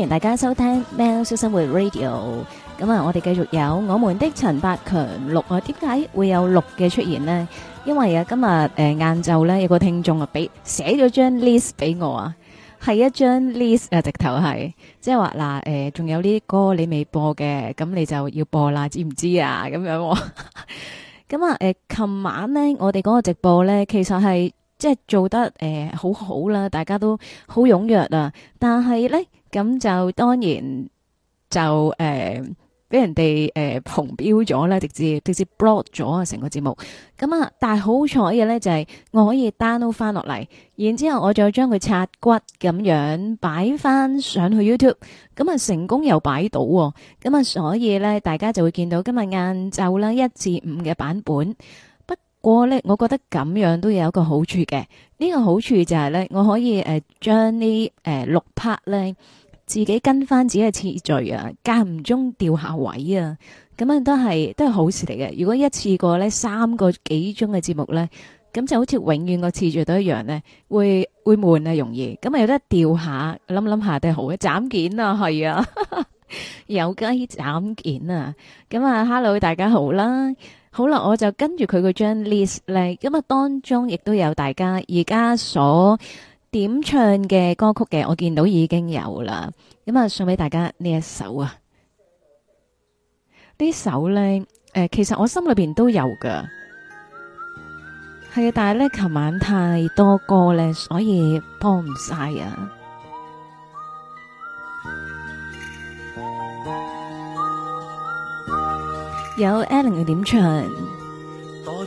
歡迎大家收聽《喵式生活 Radio》。咁啊，我哋繼續有我們的陳百強六啊，點解會有六嘅出現呢？因為啊，今日誒，晏晝咧有個聽眾啊，俾寫咗張 list 俾我啊，係一張 list 啊，直頭係即係話嗱誒，仲、就是呃、有呢啲歌你未播嘅，咁你就要播啦，知唔知道啊？咁樣咁啊，誒、 啊，琴、呃、晚咧，我哋嗰個直播咧，其實係即係做得誒、呃、好好啦，大家都好踊躍啊，但係咧。咁就當然就誒俾、呃、人哋誒紅標咗啦，直接直接 block 咗啊成個節目。咁啊，但係好彩嘅呢，就係我可以 download 翻落嚟，然之後我再將佢拆骨咁樣擺翻上去 YouTube。咁啊成功又擺到、哦，咁啊所以呢，大家就會見到今日晏晝啦一至五嘅版本。不過呢，我覺得咁樣都有一個好處嘅。呢、呢個好處就係呢，我可以誒、呃、將誒、呃、六 part 呢。自己跟翻自己嘅次序啊，間唔中掉下位啊，咁樣都係都係好事嚟嘅。如果一次過咧三個幾鐘嘅節目咧，咁就好似永遠個次序都一樣咧，會會悶啊，容易。咁啊有得掉下諗諗下都係好嘅，斬件啊，係啊，油 雞斬件啊。咁啊，hello 大家好啦，好啦，我就跟住佢嗰張 list 咧，咁啊當中亦都有大家而家所點唱嘅歌曲嘅，我見到已經有啦，咁啊送俾大家呢一首啊，這首呢首咧，誒，其實我心裏邊都有噶，係啊，但係咧琴晚太多歌咧，所以幫唔晒啊。 有 Alan 嘅點唱。多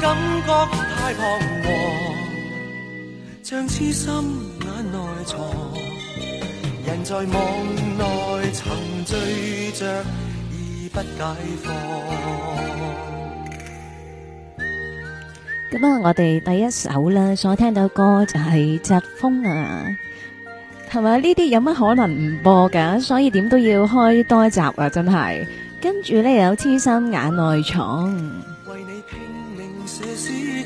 感覺太彷徨，將痴心眼內藏，人在夢內沉醉醉著，以不解放。咁啊！我哋第一首啦，所聽到歌就係、是《疾風》啊，係咪？呢啲有乜可能唔播㗎？所以點都要開多一集啊！真係，跟住呢，有《痴心眼內藏》。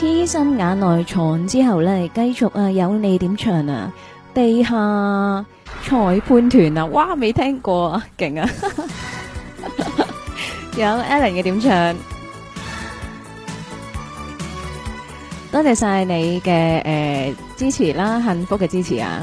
痴心眼內藏之後咧，繼續啊，有你點唱啊？地下裁判團啊，哇，未聽過啊，勁啊！有 Alan 嘅點唱，多謝晒你嘅誒、呃、支持啦，幸福嘅支持啊！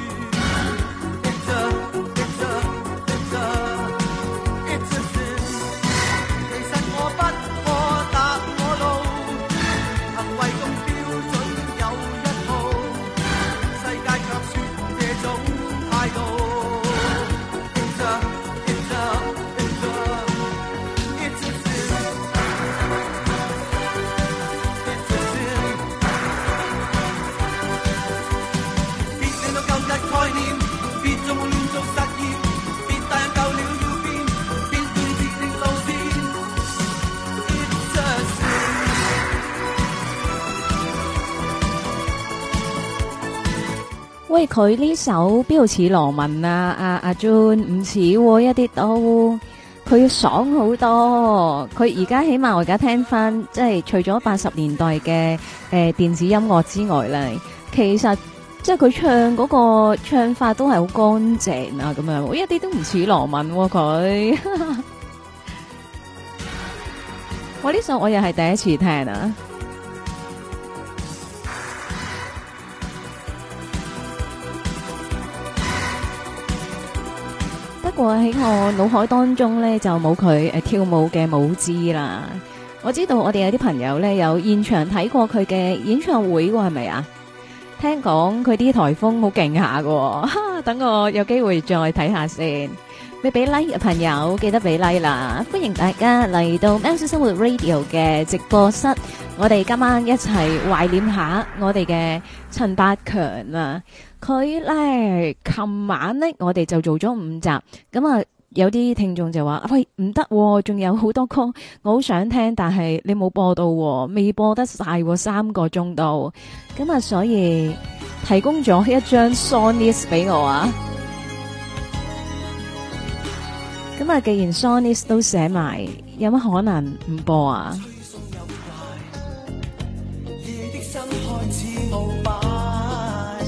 佢呢首邊度似羅文啊？阿阿 Joan 唔似喎，一啲都，佢要爽好多。佢而家起碼我而家聽翻，即係除咗八十年代嘅誒、呃、電子音樂之外咧，其實即係佢唱嗰個唱法都係好乾淨啊！咁樣一啲都唔似羅文喎、佢。我呢 首我又係第一次聽啊！喺我腦海當中咧，就冇佢誒跳舞嘅舞姿啦。我知道我哋有啲朋友咧，有現場睇過佢嘅演唱會喎，係咪啊？聽講佢啲台風好勁下嘅，哈！等我有機會再睇下先。未俾 like 嘅朋友記得俾 like 啦。歡迎大家嚟到喵式生活 Radio 嘅直播室，我哋今晚一齊懷念一下我哋嘅陳百強啦。佢咧，琴晚咧，我哋就做咗五集，咁啊，有啲聽眾就話，喂，唔得喎，仲有好多歌，我好想聽，但係你冇播到喎，未播得晒喎，三個鐘度，咁啊，所以提供咗一張 song list 俾我啊。咁啊，既然 song list 都寫埋，有乜可能唔播啊？最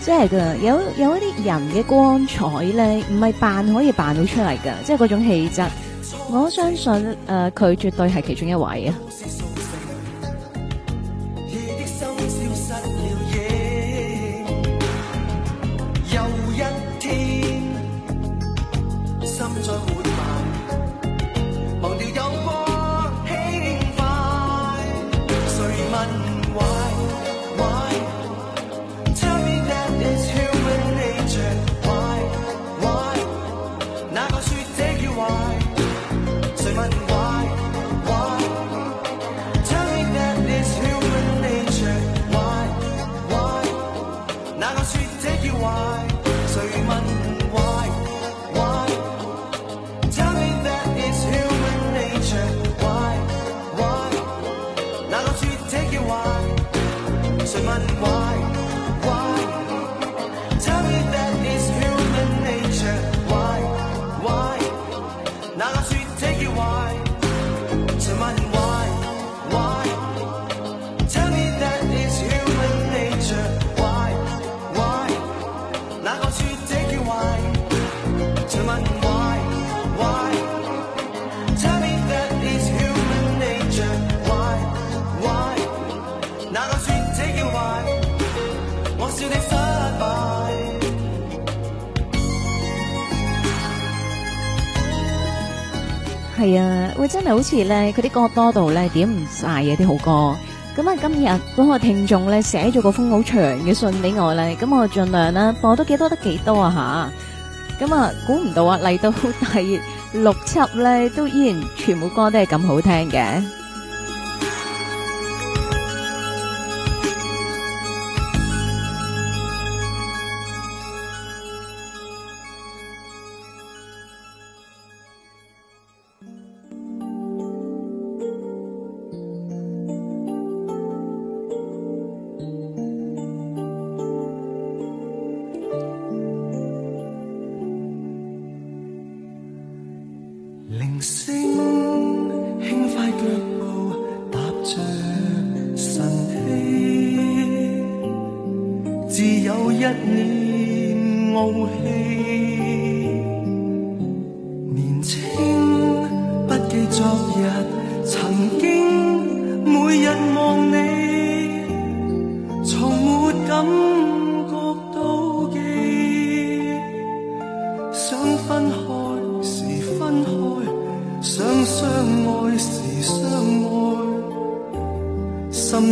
即係㗎，有有啲人嘅光彩呢，唔係扮可以扮到出嚟㗎。即係嗰種氣質，我相信誒，佢、呃、絕對係其中一位啊。係啊，喂真係好似咧，佢啲歌多到咧，點唔晒嘅啲好歌。咁啊，今日嗰個聽眾咧寫咗個封好長嘅信俾我呢。咁我盡量啦，播得幾多得幾多啊吓。咁啊，估唔到啊嚟到第六輯咧，都依然全部歌都係咁好聽嘅。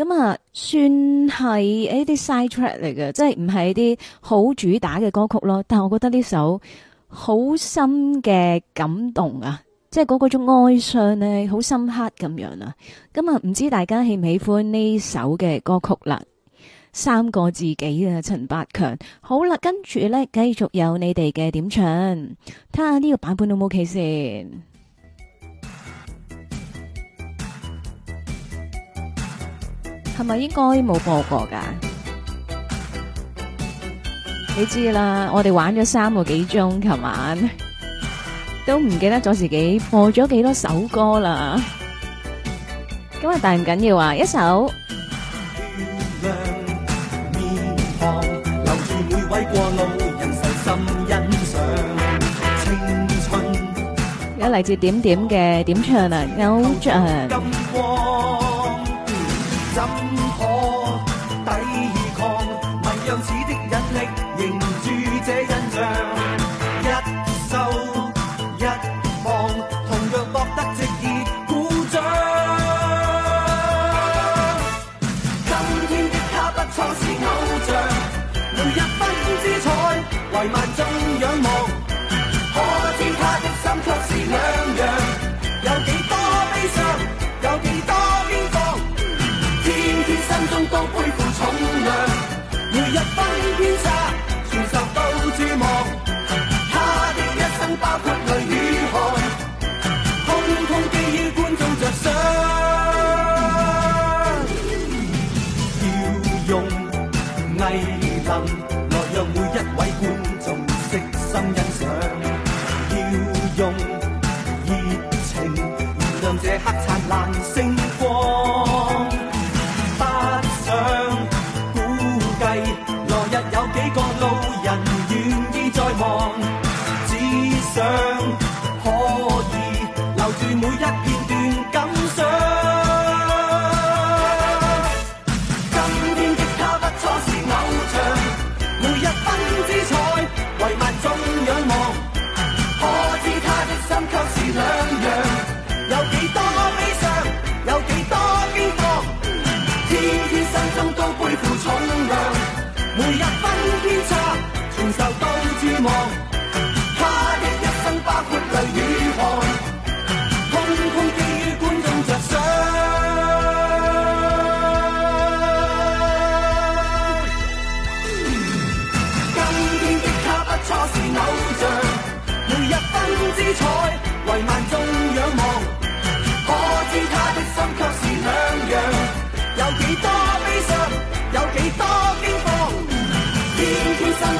咁啊，算係呢啲 side track 嚟嘅，即係唔係一啲好主打嘅歌曲咯。但係我覺得呢首好深嘅感動啊，即係嗰嗰種哀傷咧，好深刻咁樣啊。咁啊，唔知大家喜唔喜歡呢首嘅歌曲啦？三個自己啊，陳百強。好啦，跟住咧，繼續有你哋嘅點唱，睇下呢個版本 ok 唔 ok 先。係咪應該冇播過噶？你知啦，我哋玩咗三個幾鐘，琴晚都唔記得咗自己播咗幾多首歌啦。咁啊，但係唔緊要啊，一首留住每位過路人，細心欣賞青春。有嚟自點點嘅點唱啊，偶像。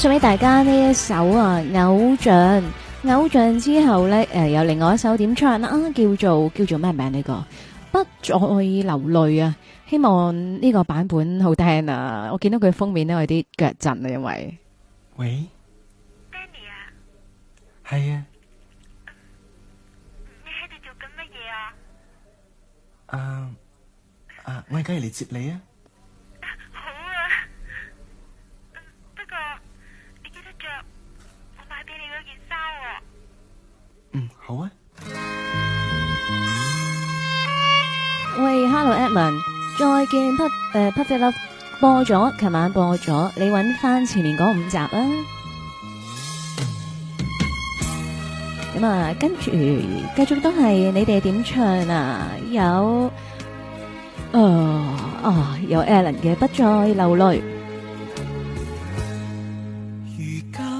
送俾大家呢一首啊，偶像偶像之後咧，誒有另外一首點唱啦，叫做叫做咩名呢個？不再流淚啊！希望呢個版本好聽啊！我見到佢封面咧，都有啲腳震啊，因為喂，Danny 啊，係啊，你喺度做緊乜嘢啊？誒誒，我而家要嚟接你啊！嗯，好啊。喂，Hello，Alan，再見。撲誒，Puppy Love 播咗，琴晚播咗，你揾翻前面嗰五集啊。咁啊，跟住繼續都係你哋點唱啊。有，啊啊，有 Alan 嘅不再流淚。如今。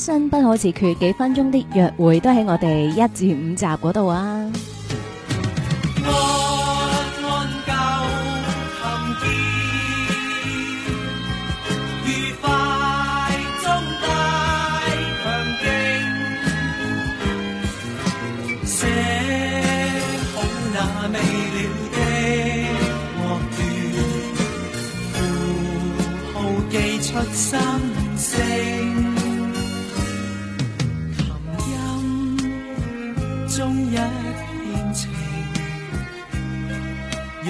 身不可自決，幾分鐘的約會都喺我哋一至五集嗰度啊！安安教含劍，愉快中帶強勁，寫好那未了的樂段，符號記出心聲。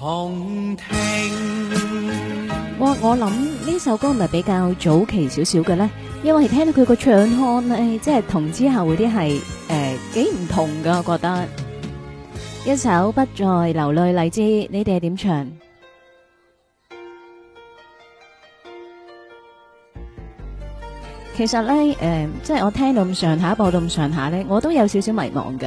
我我諗呢首歌唔係比較早期少少嘅咧，因為係聽到佢個唱腔咧，即係同之後嗰啲係誒幾唔同噶，我覺得。一首不再流淚，荔枝，你哋係點唱？其實咧，誒，即係我聽到咁上下，播到咁上下咧，我都有少少迷茫噶。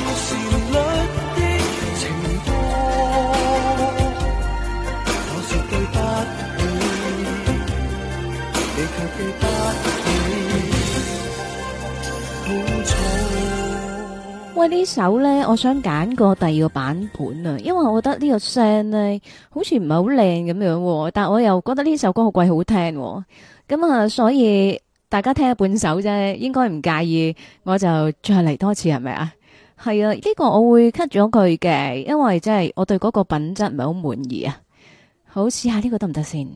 呢首呢，我想揀個第二個版本啊，因為我覺得呢個聲呢，好似唔係好靚咁樣，但我又覺得呢首歌好鬼好聽，咁啊，所以大家聽下半首啫，應該唔介意，我就再嚟多次係咪啊？係啊，呢個我會 cut 咗佢嘅，因為即係我對嗰個品質唔係好滿意啊。好，試下呢個得唔得先？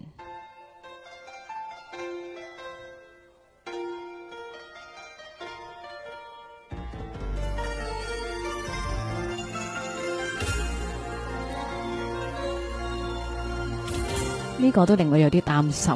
呢個都令我有啲擔心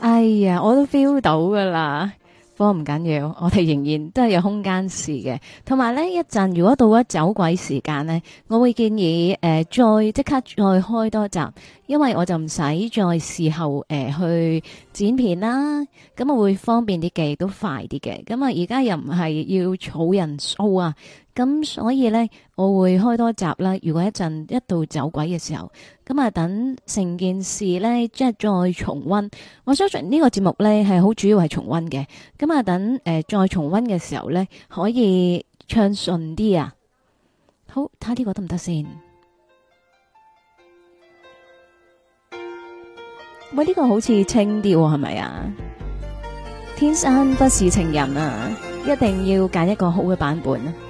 哎呀，我都 feel 到噶啦，But, 不過唔緊要，我哋仍然都係有空間試嘅。同埋咧，一陣如果到咗走鬼時間咧，我會建議誒、呃，再即刻再開多集，因為我就唔使再事後誒去剪片啦。咁啊，會方便啲嘅，亦都快啲嘅。咁啊、呃，而家又唔係要儲人數啊。咁所以呢，我會開多集啦。如果一陣一度走鬼嘅時候，咁啊等成件事呢，即係再重溫。我相信呢個節目呢係好主要係重溫嘅。咁啊等誒、呃、再重溫嘅時候呢，可以暢順啲啊。好，睇下呢個得唔得先？喂，呢個好似清啲係咪啊？天生不是情人啊，一定要揀一個好嘅版本。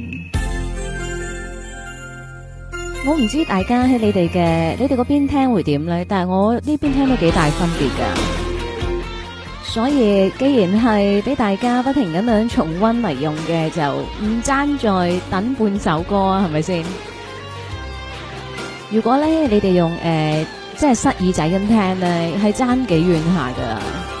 我唔知大家喺你哋嘅，你哋嗰邊聽會點咧？但係我呢邊聽都幾大分別噶，所以既然係俾大家不停咁樣重溫嚟用嘅，就唔爭再等半首歌啊，係咪先？如果咧你哋用誒，即係塞耳仔咁聽咧，係爭幾遠下噶。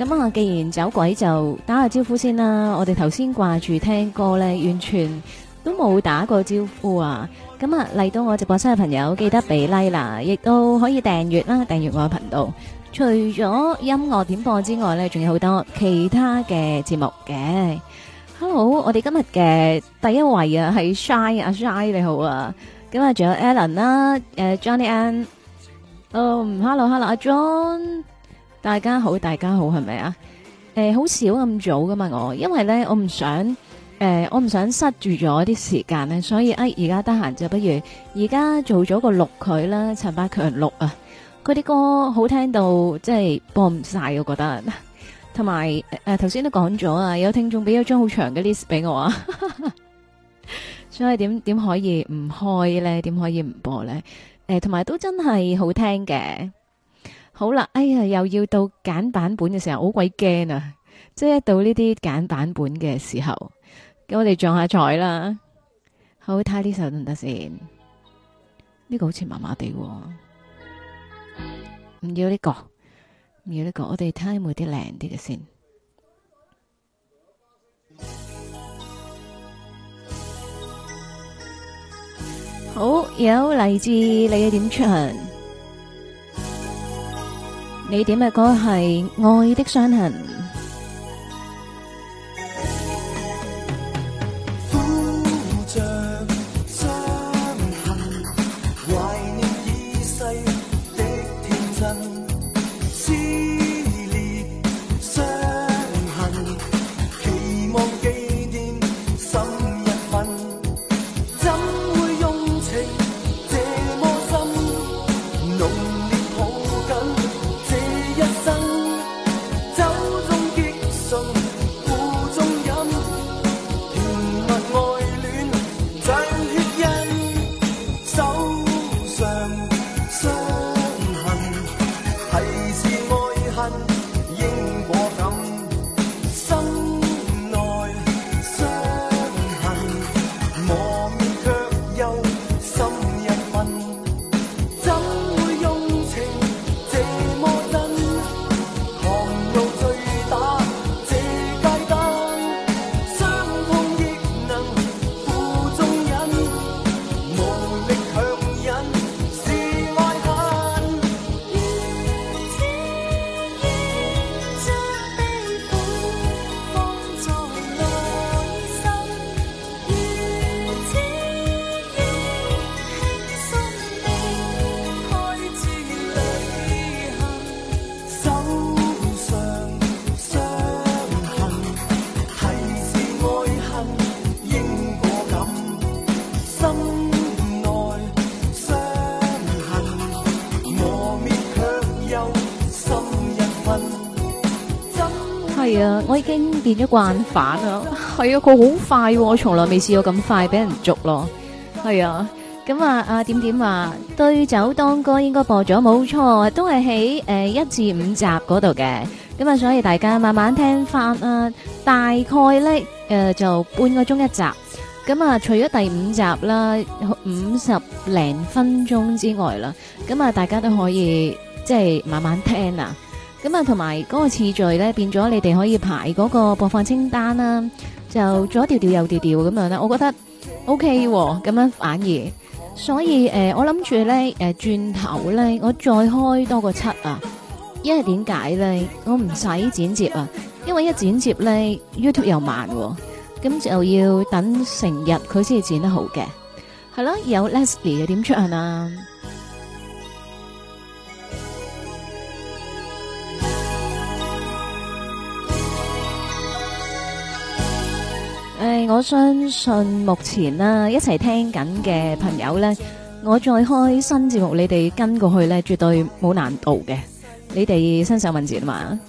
咁啊，既然走鬼就打下招呼先啦。我哋頭先掛住聽歌咧，完全都冇打過招呼啊！咁啊，嚟到我直播室嘅朋友記得俾 like 啦，亦都可以訂閱啦，訂閱我嘅頻道。除咗音樂點播之外咧，仲有好多其他嘅節目嘅。Hello，我哋今日嘅第一位啊係 Shy 啊。阿 Shy 你好啊。咁啊，仲有 Alan 啦，誒 Johnny Ann，Hello，Hello 阿 John。大家好，大家好，係咪啊？誒、呃，好少咁早噶嘛，我因為咧，我唔想，誒、呃，我唔想塞住咗啲時間咧，所以，誒，而家得閒就不如，而家做咗個錄佢啦，陳百強錄啊，佢啲歌好聽到，即係播唔晒，我覺得。同埋，誒、呃，頭先都講咗啊，有聽眾俾咗張好長嘅 list 俾我啊， 所以點點可以唔開咧？點可以唔播咧？誒、呃，同埋都真係好聽嘅。好啦，哎呀，又要到揀版本嘅時候，好鬼驚啊！即係到呢啲揀版本嘅時候，我哋、啊、撞下彩啦。好，睇下呢首得唔得先，呢、這個好似麻麻地，唔要呢、這個，唔要呢、這個，我哋睇下有冇啲靚啲嘅先。好，有，嚟自你嘅點唱。你點嘅歌係《愛的傷痕》。係啊，我已經變咗慣犯啊！係啊，佢好快，我從來未試過咁快俾人捉咯。係啊，咁啊啊，點點啊，對酒當歌應該播咗冇錯，都係喺誒，一至五集嗰度嘅。咁啊，所以大家慢慢聽翻啊，大概咧，誒就半個鐘一集。咁啊，除咗第五集啦五十零分鐘之外啦，咁啊，大家都可以即係慢慢聽啊。咁啊，同埋嗰個次序咧變咗，你哋可以排嗰個播放清單啦，啊，就左調調右調調咁樣啦，我覺得 OK，咁樣反而，所以誒，呃，我諗住咧，誒，轉頭咧，我再開多個七啊，因為點解咧？我唔使剪接啊，因為一剪接咧，YouTube 又慢，啊，咁就要等成日佢先至剪得好嘅。係咯，有 Leslie 又點出啊？誒、哎，我相信目前啦、啊，一齊聽緊嘅朋友呢，我再開新節目，你哋跟過去咧，絕對冇難度嘅。你哋新手問字嘛？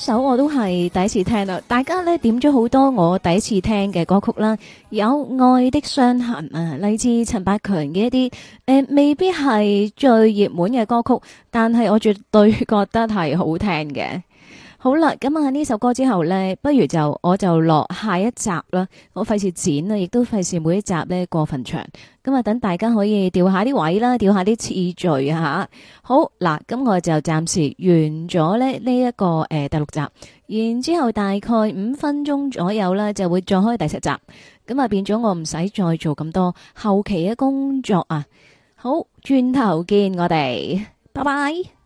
首我都係第一次聽啦，大家咧，點咗好多我第一次聽嘅歌曲啦，有《愛的傷痕》啊，嚟自陳百強嘅一啲誒、呃，未必係最熱門嘅歌曲，但係我絕對覺得係好聽嘅。好啦，咁啊呢首歌之後呢，不如就我就落下，下一集啦，我費事剪啊，亦都費事每一集呢過分長。咁啊，等大家可以調下啲位啦，調下啲次序吓。好嗱，咁我就暫時完咗呢一個誒、呃、第六集，然之後大概五分鐘左右啦，就會再開第七集。咁啊變咗我唔使再做咁多後期嘅工作啊。好，轉頭見我哋，拜拜。